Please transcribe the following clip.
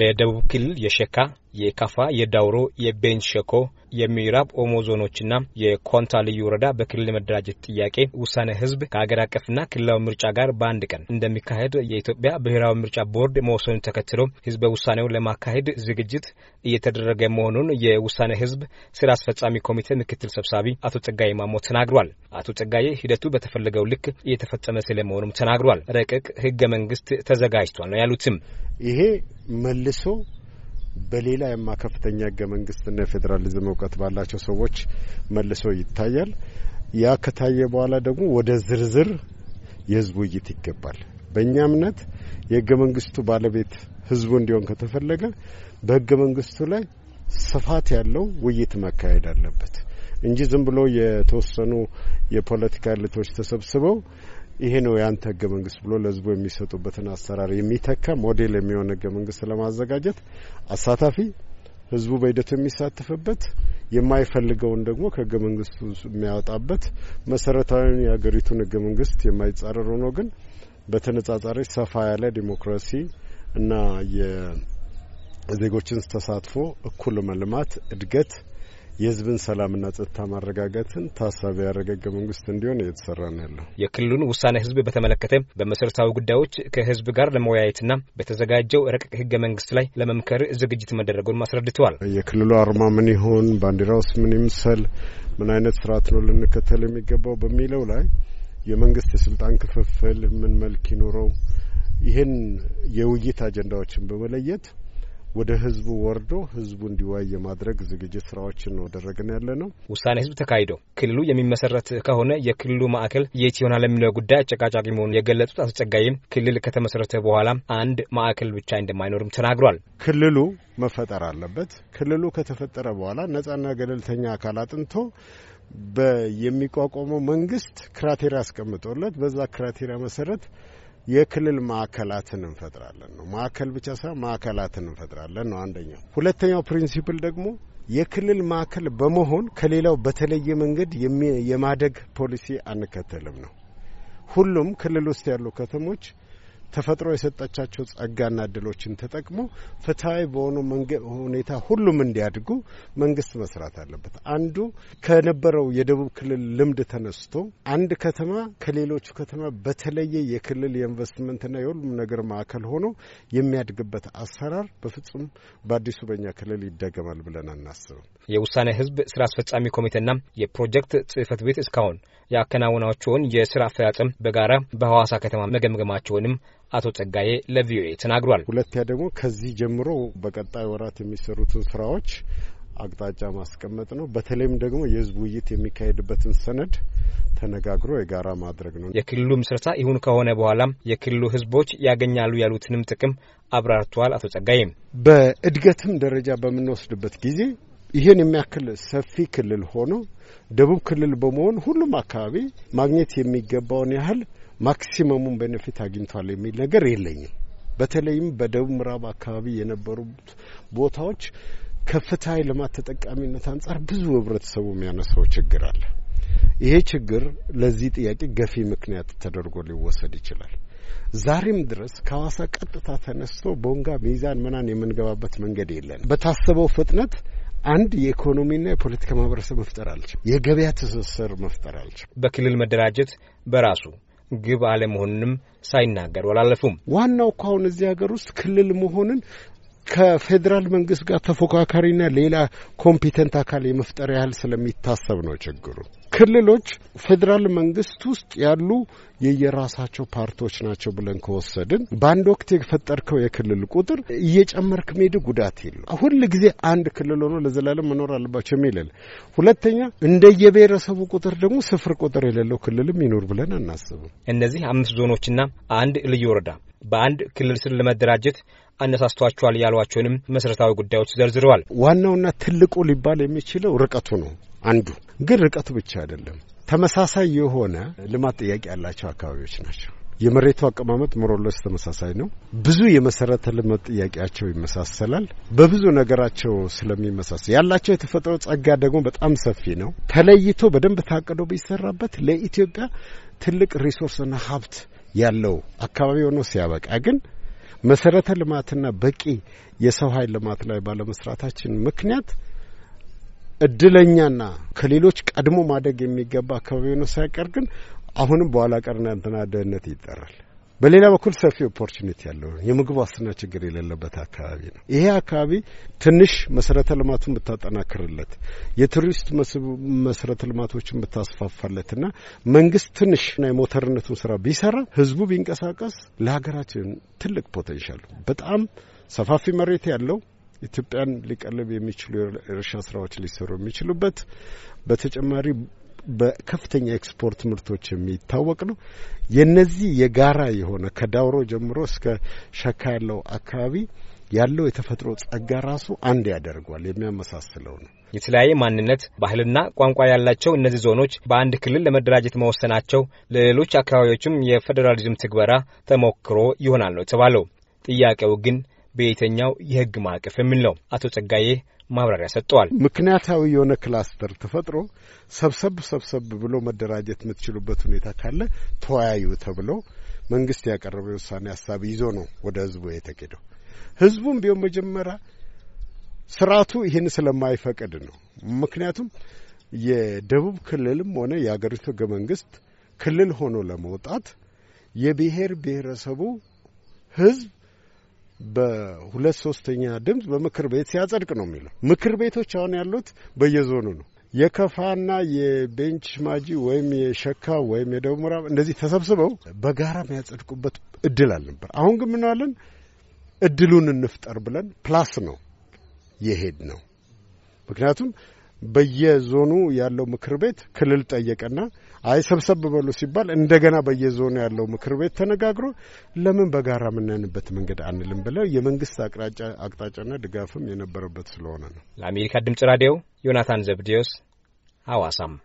በደቡብ ክልል የሸካ፣ የካፋ፣ የዳውሮ፣ የቤንች ሸኮ የምዕራብ ኦሞ ዞኖችና የኮንታ ልዩ ወረዳ በክልል መደራጀት ጥያቄ ውሳኔ ህዝብ ከሀገር አቀፍና ክልላዊ ምርጫ ጋር በአንድ ቀን እንደሚካሄድ የኢትዮጵያ ብሔራዊ ምርጫ ቦርድ መወሰኑን ተከትሎ ህዝበ ውሳኔውን ለማካሄድ ዝግጅት እየተደረገ መሆኑን የውሳኔ ህዝብ ስራ አስፈጻሚ ኮሚቴ ምክትል ሰብሳቢ አቶ ጸጋዬ ማሞ ተናግሯል። አቶ ጸጋዬ ሂደቱ በተፈለገው ልክ እየተፈጸመ ስለመሆኑም ተናግሯል። ረቂቅ ህገ መንግስት ተዘጋጅቷል ነው ያሉትም ይሄ መልሶ በሌላ የማ ከፍተኛ ህገ መንግስትና የፌዴራሊዝም እውቀት ባላቸው ሰዎች መልሶ ይታያል። ያ ከታየ በኋላ ደግሞ ወደ ዝርዝር የህዝብ ውይይት ይገባል። በእኛ እምነት የህገ መንግስቱ ባለቤት ህዝቡ እንዲሆን ከተፈለገ በህገ መንግስቱ ላይ ስፋት ያለው ውይይት መካሄድ አለበት እንጂ ዝም ብሎ የተወሰኑ የፖለቲካ ልቶች ተሰብስበው ይሄ ነው ያንተ ህገ መንግስት ብሎ ለህዝቡ የሚሰጡበትን አሰራር የሚተካ ሞዴል የሚሆን ህገ መንግስት ለማዘጋጀት አሳታፊ ህዝቡ በሂደቱ የሚሳተፍበት የማይፈልገውን ደግሞ ከህገ መንግስቱ የሚያወጣበት መሰረታዊን የሀገሪቱን ህገ መንግስት የማይጻረር ሆኖ ግን በተነጻጻሪ ሰፋ ያለ ዲሞክራሲ እና የዜጎችን ተሳትፎ እኩል መልማት እድገት የህዝብን ሰላምና ጸጥታ ማረጋጋትን ታሳቢ ያደረገ መንግስት እንዲሆን እየተሰራ ነው ያለው። የክልሉን ውሳኔ ህዝብ በተመለከተ በመሰረታዊ ጉዳዮች ከህዝብ ጋር ለመወያየትና በተዘጋጀው ረቂቅ ህገ መንግስት ላይ ለመምከር ዝግጅት መደረጉን አስረድተዋል። የክልሉ አርማ ምን ይሆን፣ ባንዲራውስ ምን ይምሰል፣ ምን አይነት ስርዓት ነው ልንከተል የሚገባው በሚለው ላይ የመንግስት የስልጣን ክፍፍል ምን መልክ ይኖረው፣ ይህን የውይይት አጀንዳዎችን በመለየት ወደ ህዝቡ ወርዶ ህዝቡ እንዲወያይ የማድረግ ዝግጅት ስራዎችን ነው ደረግን ያለ ነው። ውሳኔ ህዝብ ተካሂዶ ክልሉ የሚመሰረት ከሆነ የክልሉ ማዕከል የት ይሆናል የሚለው ጉዳይ አጨቃጫቂ መሆኑን የገለጹት አቶ ጸጋዬም ክልል ከተመሰረተ በኋላ አንድ ማዕከል ብቻ እንደማይኖርም ተናግሯል። ክልሉ መፈጠር አለበት። ክልሉ ከተፈጠረ በኋላ ነጻና ገለልተኛ አካል አጥንቶ በየሚቋቋመው መንግስት ክራቴሪያ አስቀምጦለት በዛ ክራቴሪያ መሰረት የክልል ማዕከላትን እንፈጥራለን ነው። ማዕከል ብቻ ሳይሆን ማዕከላትን እንፈጥራለን ነው አንደኛው። ሁለተኛው ፕሪንሲፕል ደግሞ የክልል ማዕከል በመሆን ከሌላው በተለየ መንገድ የማደግ ፖሊሲ አንከተልም ነው። ሁሉም ክልል ውስጥ ያሉ ከተሞች ተፈጥሮ የሰጠቻቸው ጸጋና እድሎችን ተጠቅሞ ፍትሐዊ በሆኑ ሁኔታ ሁሉም እንዲያድጉ መንግስት መስራት አለበት። አንዱ ከነበረው የደቡብ ክልል ልምድ ተነስቶ አንድ ከተማ ከሌሎቹ ከተማ በተለየ የክልል የኢንቨስትመንትና የሁሉም ነገር ማዕከል ሆኖ የሚያድግበት አሰራር በፍጹም በአዲሱ በኛ ክልል ይደገማል ብለን አናስብም። የውሳኔ ህዝብ ስራ አስፈጻሚ ኮሚቴና የፕሮጀክት ጽህፈት ቤት እስካሁን ያከናወናቸውን የስራ አፈጻጸም በጋራ በሐዋሳ ከተማ መገምገማቸውንም አቶ ጸጋዬ ለቪኦኤ ተናግሯል። ሁለተኛ ደግሞ ከዚህ ጀምሮ በቀጣይ ወራት የሚሰሩትን ስራዎች አቅጣጫ ማስቀመጥ ነው። በተለይም ደግሞ የህዝብ ውይይት የሚካሄድበትን ሰነድ ተነጋግሮ የጋራ ማድረግ ነው። የክልሉ ምስረታ ይሁን ከሆነ በኋላም የክልሉ ህዝቦች ያገኛሉ ያሉትንም ጥቅም አብራርተዋል። አቶ ጸጋዬም በእድገትም ደረጃ በምንወስድበት ጊዜ ይህን የሚያክል ሰፊ ክልል ሆኖ ደቡብ ክልል በመሆን ሁሉም አካባቢ ማግኘት የሚገባውን ያህል ማክሲመሙን ቤኔፊት አግኝቷል የሚል ነገር የለኝም። በተለይም በደቡብ ምዕራብ አካባቢ የነበሩት ቦታዎች ከፍታ ልማት ተጠቃሚነት አንጻር ብዙ ህብረተሰቡ የሚያነሳው ችግር አለ። ይሄ ችግር ለዚህ ጥያቄ ገፊ ምክንያት ተደርጎ ሊወሰድ ይችላል። ዛሬም ድረስ ከዋሳ ቀጥታ ተነስቶ ቦንጋ ሚዛን መናን የምንገባበት መንገድ የለን። በታሰበው ፍጥነት አንድ የኢኮኖሚና የፖለቲካ ማህበረሰብ መፍጠር አልችም። የገበያ ትስስር መፍጠር አልችም። በክልል መደራጀት በራሱ ግብ አለመሆኑንም ሳይናገሩ አላለፉም። ዋናው እኮ አሁን እዚህ ሀገር ውስጥ ክልል መሆንን ከፌዴራል መንግስት ጋር ተፎካካሪና ሌላ ኮምፒተንት አካል የመፍጠር ያህል ስለሚታሰብ ነው ችግሩ። ክልሎች ፌዴራል መንግስት ውስጥ ያሉ የየራሳቸው ፓርቲዎች ናቸው ብለን ከወሰድን በአንድ ወቅት የፈጠርከው የክልል ቁጥር እየጨመርክ ሜድ ጉዳት የለው። ሁል ጊዜ አንድ ክልል ሆኖ ለዘላለም መኖር አለባቸው የሚልል። ሁለተኛ የብሔረሰቡ ቁጥር ደግሞ ስፍር ቁጥር የሌለው ክልልም ይኖር ብለን አናስብም። እነዚህ አምስት ዞኖችና አንድ ልዩ ወረዳ በአንድ ክልል ስር ለመደራጀት አነሳስቷቸዋል ያሏቸውንም መሰረታዊ ጉዳዮች ዘርዝረዋል። ዋናውና ትልቁ ሊባል የሚችለው ርቀቱ ነው አንዱ ግን ርቀቱ ብቻ አይደለም። ተመሳሳይ የሆነ ልማት ጥያቄ ያላቸው አካባቢዎች ናቸው። የመሬቱ አቀማመጥ ሞሮሎስ ተመሳሳይ ነው። ብዙ የመሰረተ ልማት ጥያቄያቸው ይመሳሰላል። በብዙ ነገራቸው ስለሚመሳሰል ያላቸው የተፈጥሮ ጸጋ ደግሞ በጣም ሰፊ ነው። ተለይቶ በደንብ ታቅዶ ቢሰራበት ለኢትዮጵያ ትልቅ ሪሶርስና ሀብት ያለው አካባቢ ሆኖ ሲያበቃ ግን መሰረተ ልማትና በቂ የሰው ኃይል ልማት ላይ ባለመስራታችን ምክንያት እድለኛና ከሌሎች ቀድሞ ማደግ የሚገባ አካባቢ ነው ሳይቀር ግን አሁንም በኋላ ቀርና እንትና ደህንነት ይጠራል። በሌላ በኩል ሰፊ ኦፖርቹኒቲ ያለው የምግብ ዋስትና ችግር የሌለበት አካባቢ ነው። ይሄ አካባቢ ትንሽ መሰረተ ልማቱን ብታጠናክርለት፣ የቱሪስት መሰረተ ልማቶችን ብታስፋፋለትና መንግስት ትንሽና የሞተርነቱን ስራ ቢሰራ ህዝቡ ቢንቀሳቀስ ለሀገራችን ትልቅ ፖቴንሻል በጣም ሰፋፊ መሬት ያለው ኢትዮጵያን ሊቀልብ የሚችሉ የእርሻ ስራዎች ሊሰሩ የሚችሉበት በተጨማሪ በከፍተኛ ኤክስፖርት ምርቶች የሚታወቅ ነው። የነዚህ የጋራ የሆነ ከዳውሮ ጀምሮ እስከ ሸካ ያለው አካባቢ ያለው የተፈጥሮ ጸጋ ራሱ አንድ ያደርጓል፣ የሚያመሳስለው ነው። የተለያየ ማንነት፣ ባህልና ቋንቋ ያላቸው እነዚህ ዞኖች በአንድ ክልል ለመደራጀት መወሰናቸው ለሌሎች አካባቢዎችም የፌዴራሊዝም ትግበራ ተሞክሮ ይሆናል ነው የተባለው። ጥያቄው ግን በየትኛው የህግ ማዕቀፍ የሚል ነው። አቶ ጸጋዬ ማብራሪያ ሰጥተዋል። ምክንያታዊ የሆነ ክላስተር ተፈጥሮ ሰብሰብ ሰብሰብ ብሎ መደራጀት የምትችሉበት ሁኔታ ካለ ተወያዩ ተብሎ መንግስት ያቀረበው የውሳኔ ሀሳብ ይዞ ነው ወደ ህዝቡ የተኬደው። ህዝቡም ቢሆን መጀመሪያ ስርዓቱ ይህን ስለማይፈቅድ ነው። ምክንያቱም የደቡብ ክልልም ሆነ የአገሪቱ ህገ መንግስት ክልል ሆኖ ለመውጣት የብሔር ብሔረሰቡ ህዝብ በሁለት ሶስተኛ ድምፅ በምክር ቤት ሲያጸድቅ ነው የሚለው። ምክር ቤቶች አሁን ያሉት በየዞኑ ነው። የከፋና የቤንች ማጂ ወይም የሸካ ወይም የደቡብ ምዕራብ እንደዚህ ተሰብስበው በጋራ የሚያጸድቁበት እድል አልነበር። አሁን ግን ምናለን እድሉን እንፍጠር ብለን ፕላስ ነው የሄድ ነው ምክንያቱም በየዞኑ ያለው ምክር ቤት ክልል ጠየቀና አይ ሰብሰብ በሉ ሲባል እንደገና በየዞኑ ያለው ምክር ቤት ተነጋግሮ ለምን በጋራ የምናንበት መንገድ አንልም ብለው የመንግስት አቅጣጫ አቅጣጫና ድጋፍም የነበረበት ስለሆነ ነው። ለአሜሪካ ድምጽ ራዲዮ ዮናታን ዘብዲዮስ ሐዋሳም